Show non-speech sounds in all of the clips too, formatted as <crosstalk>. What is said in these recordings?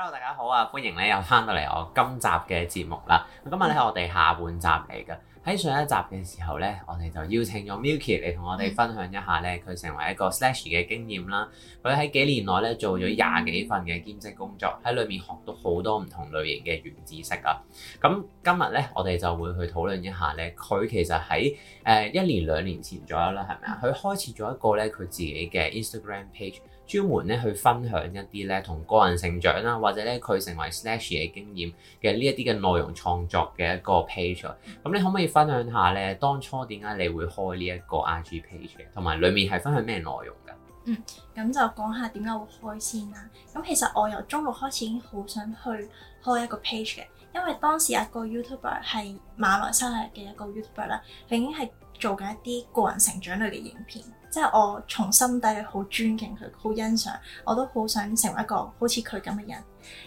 Hello，大家好啊！歡迎咧，又翻到嚟我今集嘅節目啦。今日咧，我哋下半集嚟噶。喺上一集嘅時候咧，我哋就邀請咗 Milky 嚟同我哋分享一下咧，佢成為一個 Slash 嘅經驗啦。佢喺幾年內咧做咗廿幾份嘅兼職工作，喺裏面學到好多唔同類型嘅軟知識啊。咁今日咧，我哋就會去討論一下咧，佢其實喺誒一年兩年前左右啦，係咪啊？佢開始咗一個咧，佢自己嘅 Instagram page。專門咧去分享一啲咧同個人成長啦，或者咧佢成為 slash 嘅經驗嘅呢一啲嘅內容創作嘅一個 page。咁、嗯、你可唔可以分享下咧當初點解你會開呢一個 IG page 嘅？同埋裡面係分享咩內容噶？嗯，咁就講下點解會開先啦。咁其實我由中六開始已經好想去開一個 page 嘅，因為當時一個 YouTuber 係馬來西亞嘅一個 YouTuber 啦，佢已經係，做緊一啲個人成長類嘅影片，即係我從心底好尊敬佢，好欣賞，我都好想成為一個好似佢咁嘅人。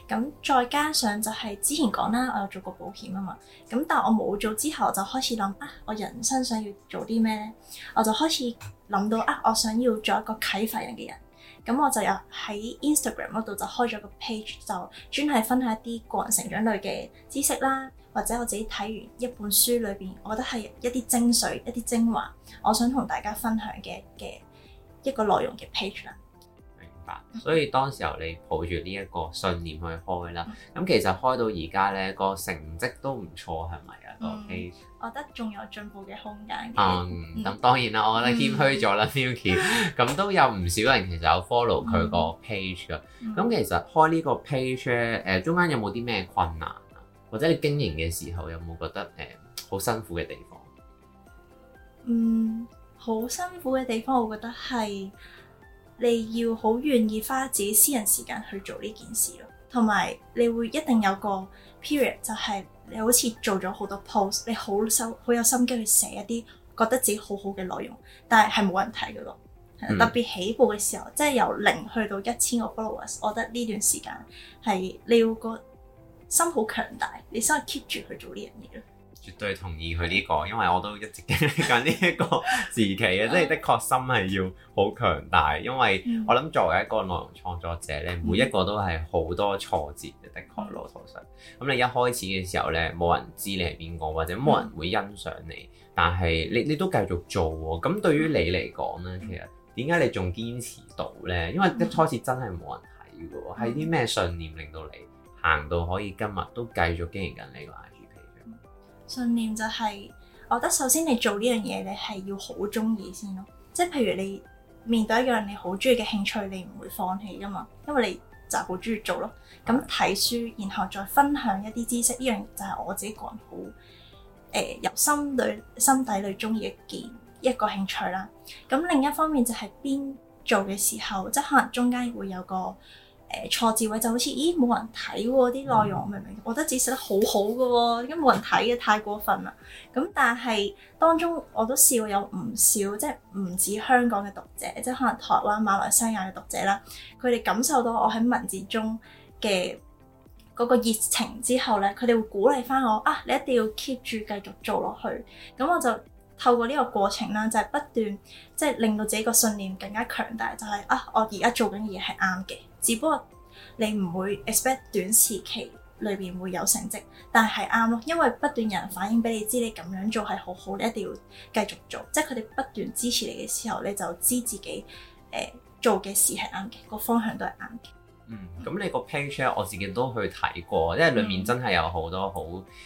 咁再加上就係之前講啦，我有做過保險啊嘛。咁但係我冇做之後，就開始諗啊，我人生想要做啲咩咧？我就開始諗到啊，我想要做一個啟發人嘅人。咁我就又喺 Instagram 嗰度就開咗個 page，就專係分享一啲個人成長類嘅知識啦。或者我自己睇完一本書裏邊，我覺得係一啲精髓、一啲精華，我想同大家分享嘅嘅一個內容嘅 page 啦。明白，所以當時候你抱住呢一個信念去開啦，咁其實開到而家呢、呢個成績都唔錯，係咪啊個 page？我覺得仲有進步嘅空間。嗯，咁、嗯、當然啦，我覺得謙虛咗啦，Milky。咁都、嗯、il <laughs> 有唔少人其實有 follow 佢個 page 噶。咁、嗯、其實開呢個 page 誒、呃，中間有冇啲咩困難？或者你經營嘅時候有冇覺得誒好、嗯、辛苦嘅地方？嗯，好辛苦嘅地方，我覺得係你要好願意花自己私人時間去做呢件事咯，同埋你會一定有一個 period 就係你好似做咗好多 post，你好心好有心機去寫一啲覺得自己好好嘅內容，但係係冇人睇嘅咯。嗯、特別起步嘅時候，即、就、係、是、由零去到一千個 followers，我覺得呢段時間係你要個心好強大，你先係 keep 住去做呢樣嘢咯。絕對同意佢呢個，因為我都一直經歷緊呢一個時期嘅， <laughs> 對 即係的確心係要好強大。因為我諗作為一個內容創作者咧，每一個都係好多挫折嘅，嗯、的確老實講。咁你一開始嘅時候咧，冇人知你係邊個，或者冇人會欣賞你，但係你你都繼續做喎、哦。咁對於你嚟講咧，其實點解你仲堅持到咧？因為一開始真係冇人睇嘅喎，係啲咩信念令到你行到可以今日都繼續經營緊你個 I G P 信念就係、是，我覺得首先你做呢樣嘢，你係要好中意先咯。即係譬如你面對一樣你好中意嘅興趣，你唔會放棄噶嘛，因為你就好中意做咯。咁睇書，然後再分享一啲知識，呢樣就係我自己個人好誒由心裏心底裏中意一件一個興趣啦。咁另一方面就係邊做嘅時候，即係可能中間會有個。誒、呃、錯字位就好似，咦冇人睇喎啲內容，嗯、明唔明？我覺得字寫得好好嘅喎，咁冇人睇嘅太過分啦。咁但係當中我都試過有唔少，即係唔止香港嘅讀者，即係可能台灣、馬來西亞嘅讀者啦。佢哋感受到我喺文字中嘅嗰個熱情之後咧，佢哋會鼓勵返我啊，你一定要 keep 住繼續做落去。咁我就。透過呢個過程啦，就係、是、不斷即係、就是、令到自己個信念更加強大，就係、是、啊，我而家做緊嘅嘢係啱嘅。只不過你唔會 expect 短時期裏邊會有成績，但係啱咯，因為不斷有人反映俾你知你咁樣做係好好，你一定要繼續做。即係佢哋不斷支持你嘅時候，你就知自己誒、呃、做嘅事係啱嘅，個方向都係啱嘅。嗯，咁你個 page 我自己都去睇過，因為裡面真係有好多好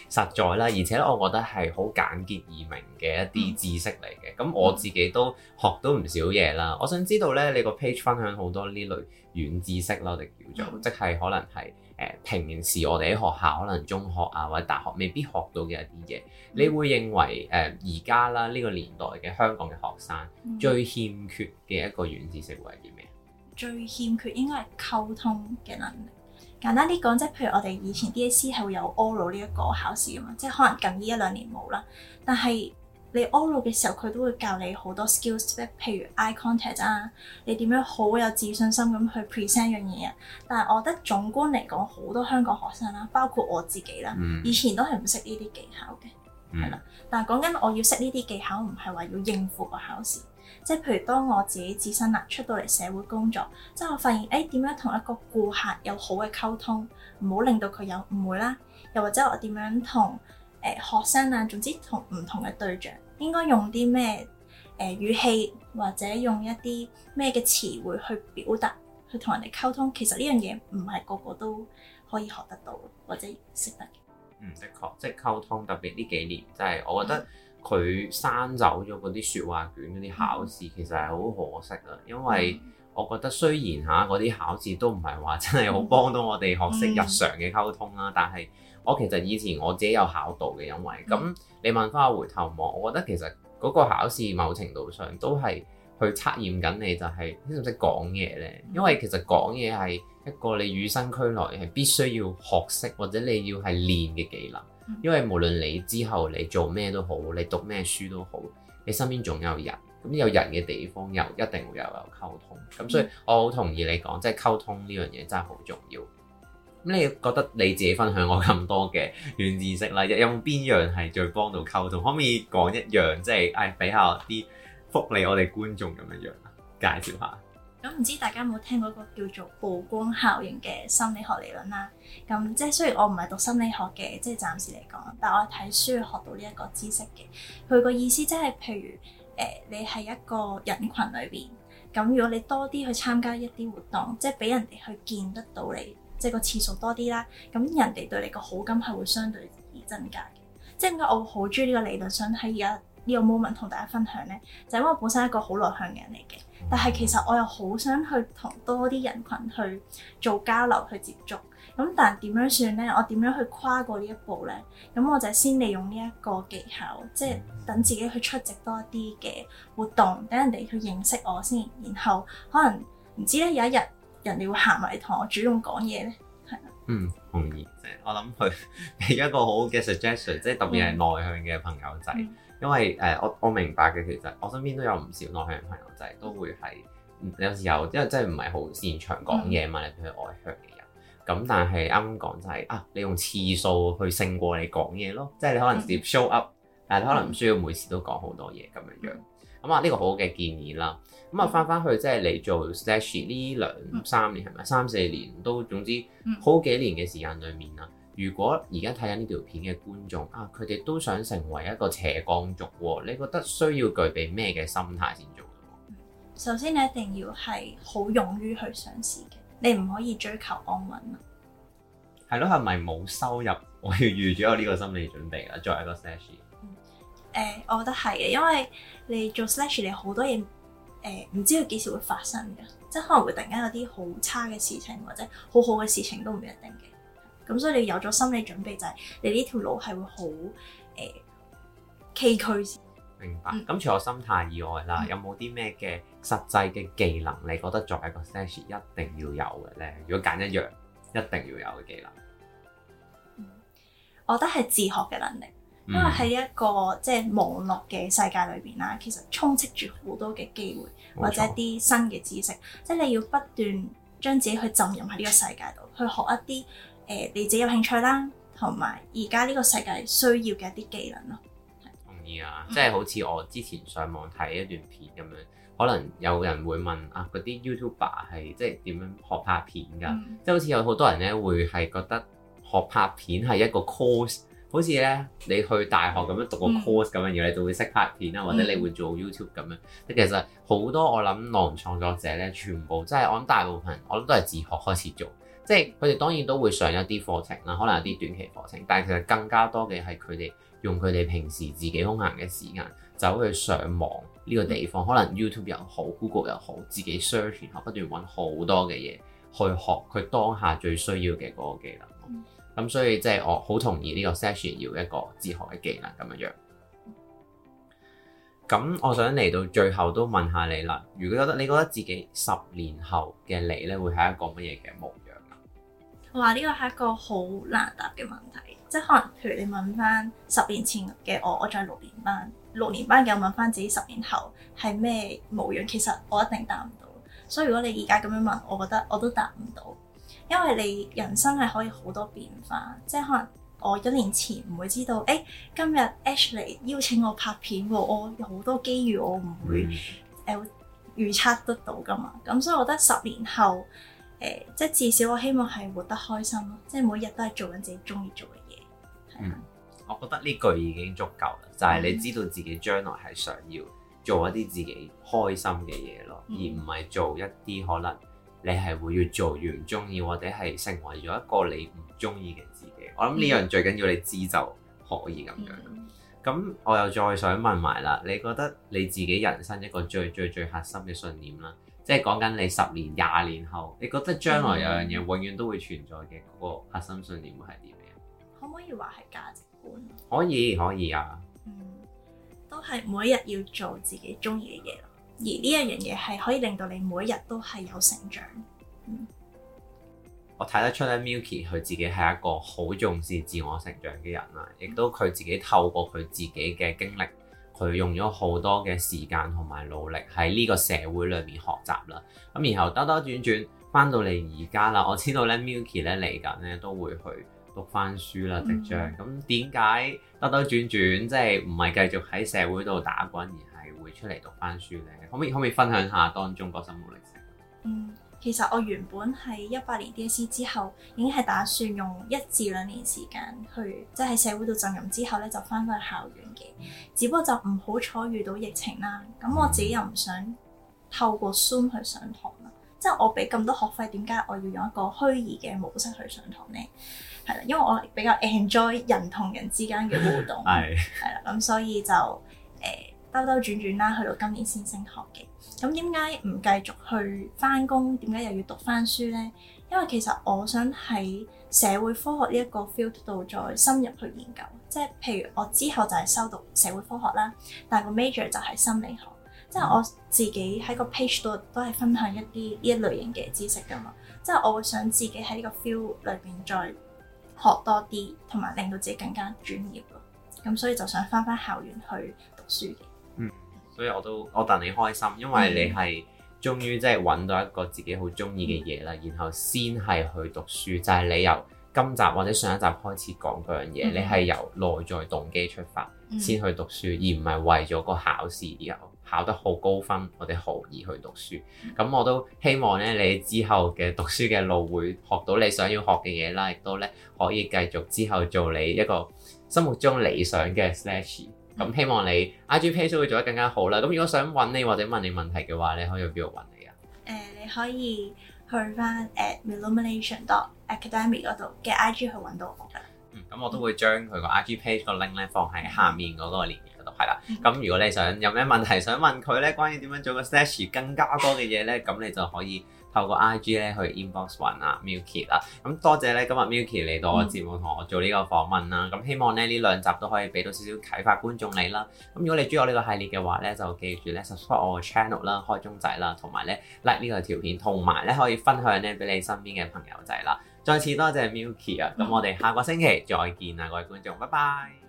實在啦，嗯、而且我覺得係好簡潔易明嘅一啲知識嚟嘅。咁、嗯、我自己都學到唔少嘢啦。我想知道呢，你個 page 分享好多呢類軟知識咯，定叫做、嗯、即係可能係誒、呃、平時我哋喺學校可能中學啊或者大學未必學到嘅一啲嘢。嗯、你會認為誒而家啦呢、呢個年代嘅香港嘅學生最欠缺嘅一個軟知識係點？最欠缺應該係溝通嘅能力。簡單啲講，即係譬如我哋以前 DSE 係會有 oral 呢一個考試嘅嘛，即係可能近呢一,一兩年冇啦。但係你 oral 嘅時候，佢都會教你好多 skills，譬如 eye contact 啊，你點樣好有自信心咁去 present 一樣嘢啊。但係我覺得總觀嚟講，好多香港學生啦、啊，包括我自己啦、啊，以前都係唔識呢啲技巧嘅，係啦、mm hmm.。但係講緊我要識呢啲技巧，唔係話要應付個考試。即係譬如當我自己自身啊出到嚟社會工作，即係我發現誒點、哎、樣同一個顧客有好嘅溝通，唔好令到佢有誤會啦，又或者我點樣同誒、呃、學生啊，總之同唔同嘅對象應該用啲咩誒語氣或者用一啲咩嘅詞彙去表達去同人哋溝通，其實呢樣嘢唔係個個都可以學得到或者識得嘅。嗯，的確，即係溝通，特別呢幾年真係，就係、我覺得。嗯佢刪走咗嗰啲説話卷嗰啲考試，嗯、其實係好可惜啊！因為我覺得雖然吓嗰啲考試都唔係話真係好幫到我哋學識日常嘅溝通啦，嗯、但係我其實以前我自己有考到嘅，因為咁你問翻我回頭望，我覺得其實嗰個考試某程度上都係去測驗緊你就係識唔識講嘢呢？因為其實講嘢係一個你與生俱來係必須要學識或者你要係練嘅技能。因為無論你之後你做咩都好，你讀咩書都好，你身邊仲有人，咁有人嘅地方又一定會有，有溝通，咁所以我好同意你講，即係溝通呢樣嘢真係好重要。咁你覺得你自己分享我咁多嘅軟知識啦，用邊樣係最幫到溝通？可唔可以講一樣，即係誒俾下啲福利我哋觀眾咁樣樣啊，介紹下。咁唔知大家有冇聽過一個叫做曝光效應嘅心理學理論啦？咁即係雖然我唔係讀心理學嘅，即係暫時嚟講，但係我睇書要學到呢一個知識嘅。佢個意思即係，譬如誒、呃，你係一個人群裏邊，咁如果你多啲去參加一啲活動，即係俾人哋去見得到你，即係個次數多啲啦，咁人哋對你個好感係會相對而增加嘅。即係點解我好中意呢個理論，想喺而家呢個 moment 同大家分享咧，就係因為我本身一個好內向嘅人嚟嘅。但係其實我又好想去同多啲人群去做交流、去接觸。咁但點樣算呢？我點樣去跨過呢一步呢？咁我就先利用呢一個技巧，即係等自己去出席多啲嘅活動，等人哋去認識我先。然後可能唔知咧，有一日人哋會行埋嚟同我主動講嘢呢？係。嗯，同意，我諗佢係一個好嘅 suggestion，、嗯、即係特別係內向嘅朋友仔。嗯嗯因為誒，uh, 我我明白嘅，其實我身邊都有唔少內向嘅朋友仔，都會係有時候有，因為真係唔係好擅長講嘢嘛，尤其是外向嘅人。咁但係啱啱講就係、是、啊，你用次數去勝過你講嘢咯，即、就、係、是、你可能直接 show up，但係你可能唔需要每次都講好多嘢咁樣、嗯嗯、樣。咁啊，呢、這個好嘅建議啦。咁、嗯、啊，翻翻、嗯、去即係、就是、你做 stage 呢兩三年係咪三四年都總之好幾年嘅時間裏面啦。如果而家睇緊呢條片嘅觀眾啊，佢哋都想成為一個斜槓族喎，你覺得需要具備咩嘅心態先做？首先你一定要係好勇於去嘗試嘅，你唔可以追求安穩啊。係咯，係咪冇收入？我要預咗有呢個心理準備啊，做一個 slash。誒、嗯呃，我覺得係嘅，因為你做 slash，你好多嘢誒唔知佢幾時會發生嘅，即係可能會突然間有啲好差嘅事情，或者好好嘅事情都唔一定嘅。咁所以你有咗心理準備，就係、是、你呢條路係會好誒、呃、崎嶇。明白。咁，除咗心態以外啦，嗯、有冇啲咩嘅實際嘅技能，你覺得作為一個 search 一定要有嘅咧？如果揀一樣，一定要有嘅技能、嗯，我覺得係自學嘅能力，因為喺一個即係、就是、網絡嘅世界裏邊啦，嗯、其實充斥住好多嘅機會、冇錯、或者啲新嘅知識，即、就、係、是、你要不斷將自己去浸淫喺呢個世界度去學一啲。誒、呃、你自己有興趣啦，同埋而家呢個世界需要嘅一啲技能咯。同意啊，即係好似我之前上網睇一段片咁樣，可能有人會問啊，嗰啲 YouTuber 係即係點樣學拍片噶？嗯、即係好似有好多人咧會係覺得學拍片係一個 course，好似咧你去大學咁樣讀個 course 咁樣嘢，嗯、你就會識拍片啦，嗯、或者你會做 YouTube 咁樣。但其實好多我諗內容創作者咧，全部即係、就是、我諗大部分人，我諗都係自學開始做。即係佢哋當然都會上一啲課程啦，可能有啲短期課程，但係其實更加多嘅係佢哋用佢哋平時自己空閒嘅時間走去上網呢個地方，嗯、可能 YouTube 又好，Google 又好，自己 search 然後不斷揾好多嘅嘢去學佢當下最需要嘅嗰個技能。咁、嗯、所以即係我好同意呢個 search 要一個自學嘅技能咁樣樣。咁、嗯、我想嚟到最後都問下你啦，如果覺得你覺得自己十年後嘅你咧，會係一個乜嘢嘅模樣？話呢個係一個好難答嘅問題，即係可能譬如你問翻十年前嘅我，我仲喺六年班，六年班嘅我問翻自己十年後係咩模樣，其實我一定答唔到。所以如果你而家咁樣問，我覺得我都答唔到，因為你人生係可以好多變化，即係可能我一年前唔會知道，誒、欸、今日 Ash 嚟邀請我拍片喎、哦，我有好多機遇，我唔會誒預測得到噶嘛。咁所以我覺得十年後。即至少我希望係活得開心咯，即係每日都係做緊自己中意做嘅嘢，嗯。我覺得呢句已經足夠啦，就係、是、你知道自己將來係想要做一啲自己開心嘅嘢咯，嗯、而唔係做一啲可能你係會越做越唔中意，或者係成為咗一個你唔中意嘅自己。我諗呢樣最緊要你知就可以咁樣。咁、嗯嗯、我又再想問埋啦，嗯、你覺得你自己人生一個最最最最核心嘅信念啦？即係講緊你十年、廿年後，你覺得將來有樣嘢永遠都會存在嘅嗰、嗯、個核心信念會係啲咩？可唔可以話係價值觀？可以，可以啊。嗯、都係每一日要做自己中意嘅嘢而呢一樣嘢係可以令到你每一日都係有成長。嗯、我睇得出咧，Milky 佢自己係一個好重視自我成長嘅人啦，亦都佢自己透過佢自己嘅經歷。佢用咗好多嘅時間同埋努力喺呢個社會裏面學習啦，咁然後兜兜轉轉翻到嚟而家啦，我知道咧 Milky 咧嚟緊咧都會去讀翻書啦，即將、嗯。咁點解兜兜轉轉即係唔係繼續喺社會度打滾，而係會出嚟讀翻書呢？可唔可以，可唔可以分享下當中嗰心路歷程？嗯其實我原本係一八年 DSE 之後，已經係打算用一至兩年時間去，即喺社會度浸淫之後咧，就翻返去校園嘅。只不過就唔好彩遇到疫情啦。咁我自己又唔想透過 Zoom 去上堂啦。嗯、即我俾咁多學費，點解我要用一個虛擬嘅模式去上堂咧？係啦，因為我比較 enjoy 人同人之間嘅互動。係。 <laughs> 係啦，咁所以就誒兜兜轉轉啦，去到今年先升學嘅。咁點解唔繼續去返工？點解又要讀返書咧？因為其實我想喺社會科學呢一個 field 度再深入去研究，即係譬如我之後就係修讀社會科學啦，但係個 major 就係心理學，即係我自己喺個 page 度都係分享一啲呢一類型嘅知識㗎嘛，即係我會想自己喺呢個 field 裏邊再學多啲，同埋令到自己更加專業咯。咁所以就想返返校園去讀書嘅。所以我都我戥你開心，因為你係終於即係揾到一個自己好中意嘅嘢啦，嗯、然後先係去讀書，就係、是、你由今集或者上一集開始講嗰樣嘢，嗯、你係由內在動機出發、嗯、先去讀書，而唔係為咗個考試而考得好高分，我哋何以去讀書？咁、嗯、我都希望咧，你之後嘅讀書嘅路會學到你想要學嘅嘢啦，亦都咧可以繼續之後做你一個心目中理想嘅咁、嗯、希望你 I G page 會做得更加好啦。咁如果想揾你或者問你問題嘅話，你可以去邊度揾你啊？誒、呃，你可以去翻 at millumination.academy 嗰度嘅 I G 去揾到我嘅。嗯，咁我都會將佢個 I G page 個 link 咧放喺下面嗰個連結度，係啦。咁如果你想有咩問題想問佢咧，關於點樣做個 Sketch 更加多嘅嘢咧，咁你就可以。透過 IG 咧去 inbox 揾啊 Milky 啊，咁多謝咧今日 Milky 嚟到我節目同我做呢個訪問啦，咁、嗯、希望咧呢兩集都可以俾到少少啟發觀眾你啦。咁如果你中意我呢個系列嘅話咧，就記住咧 subscribe 我個 channel 啦，開鐘仔啦，同埋咧 like 呢個條片，同埋咧可以分享咧俾你身邊嘅朋友仔啦。再次多謝 Milky 啊、嗯，咁我哋下個星期再見啊，各位觀眾，拜拜。